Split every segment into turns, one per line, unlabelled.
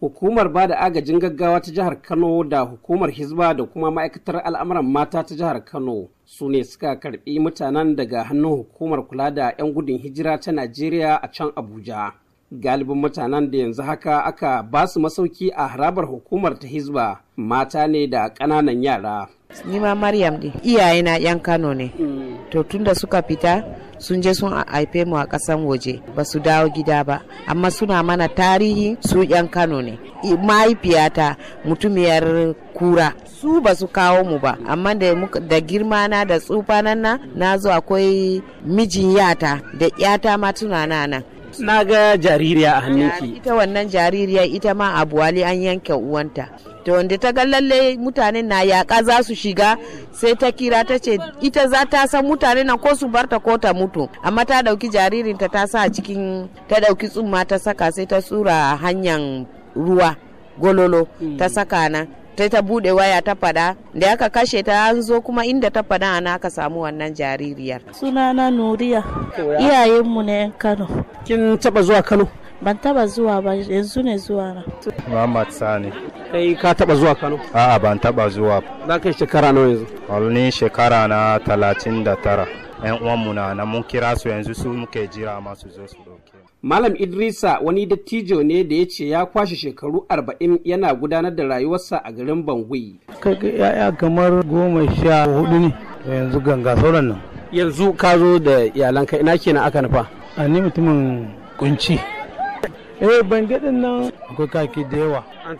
hukumar ba da agajin gaggawa ta jihar kano da hukumar hizba da kuma ma'aikatar al'amuran mata ta jihar kano su ne suka karbi mutanen daga hannun hukumar kula da 'yan gudun hijira ta najeriya a can abuja galibin mutanen da yanzu haka aka ba su masauki a harabar hukumar ta hizba mata ne da ƙananan yara
ni ma maryam din na yan kano ne hmm. to tunda suka fita sun je sun haife mu a kasan waje ba su dawo gida ba amma suna mana tarihi su yan kano ne mahaifiyata mutumiyar kura su ba su kawo mu ba amma da girma na da tsufa nan na zo akwai mijin yata da yata ma tunana nan na
ga jaririya a hannunki
ita wannan jaririya ita ma a buwali an yanke uwanta to wanda ta ga lalle mutanen na yaƙa za su shiga sai ta kira ta ce ita za ta san mutane nan ko su barta ko ta mutu amma ta ɗauki jaririnta ta sa cikin ta ɗauki tsumma ta saka sai ta tsura hanyar ruwa gololo ta saka nan ta ta bude waya ta fada da aka kashe ta an zo kuma inda ta fada ana aka samu wannan jaririyar sunana nuriya iyayenmu na yan kano kin taba zuwa kano ban taba zuwa ba yanzu ne zuwa na
muhammad sani kai ka taba zuwa kano a'a ban taba zuwa za kai shekara nawa yanzu wani shekara na talatin da tara 'yan uwanmu na na mun kira su yanzu su muke jira masu zo su dauke. Malam Idrisa wani dattijo ne da ya ce ya kwashe shekaru arba'in yana gudanar da rayuwarsa a garin Bangui. Kaga ya'ya kamar goma sha hudu ne yanzu ganga sauran nan. Yanzu ka zo da iyalanka ina kenan aka nufa. A ni mutumin kunci. Eh ban gaɗin nan akwai kaki da yawa. An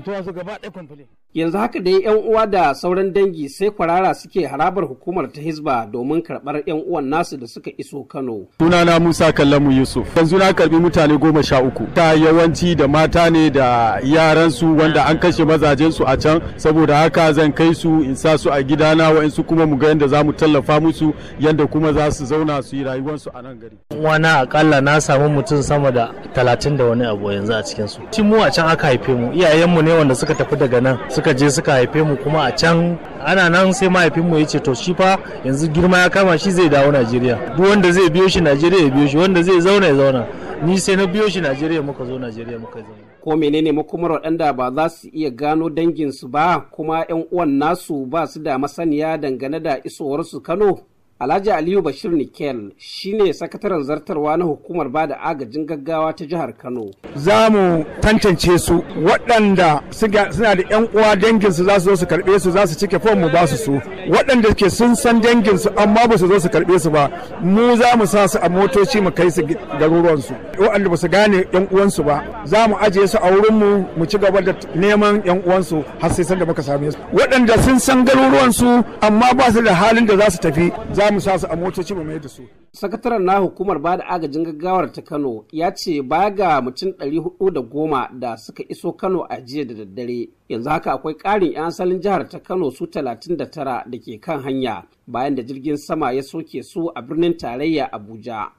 tuwa su gaba ɗaya kwamfani. yanzu haka dai yan uwa da sauran dangi sai kwarara suke harabar hukumar ta hisba domin karbar yan uwan nasu da suka iso kano sunana musa kallamu yusuf yanzu na karbi mutane goma sha uku ta yawanci da mata ne da yaransu su wanda an kashe mazajen su a can saboda haka zan kai su in sa su a gidana wa'insu kuma mu ga yadda za mu tallafa musu yadda kuma za su zauna su yi rayuwarsu a nan gari wani akalla na samu mutum sama da talatin da wani abu yanzu a cikin su a can aka haife mu iyayenmu ne wanda suka tafi daga nan suka je suka haife mu kuma a can ana nan sai mahaifinmu ya ce to shi fa yanzu girma ya kama shi zai dawo najeriya duk wanda zai biyo shi najeriya ya biyo shi wanda zai zauna ya zauna ni sai na biyo shi najeriya muka zo najeriya muka zauna ko menene makomar waɗanda ba za su iya gano danginsu ba kuma 'yan uwan nasu ba su da masaniya dangane da isowarsu kano Alhaji Aliyu Bashir Nikel shine sakataren zartarwa na hukumar bada agajin gaggawa ta jihar Kano. Za mu tantance su waɗanda suna da 'yan uwa danginsu za su zo su karɓe su za su cike fom mu ba su su. Waɗanda ke sun san danginsu amma ba su zo su karɓe su ba mu za mu sa su a motoci mu kai su garuruwan su Waɗanda ba su gane 'yan uwansu ba za mu ajiye su a wurin mu mu ci gaba da neman 'yan uwansu har sai sanda muka same su. Waɗanda sun san garuruwan su amma ba su da halin da za su tafi za mu sa su a motoci mu mai da su. Sakataren na hukumar ba da agajin gaggawar ta Kano ya ce ba ga mutum ɗari hudu da goma da suka iso Kano a jiya da daddare. Yanzu haka akwai ƙarin 'yan asalin jihar ta Kano su talatin da tara da ke kan hanya bayan da jirgin sama ya soke su a birnin tarayya Abuja.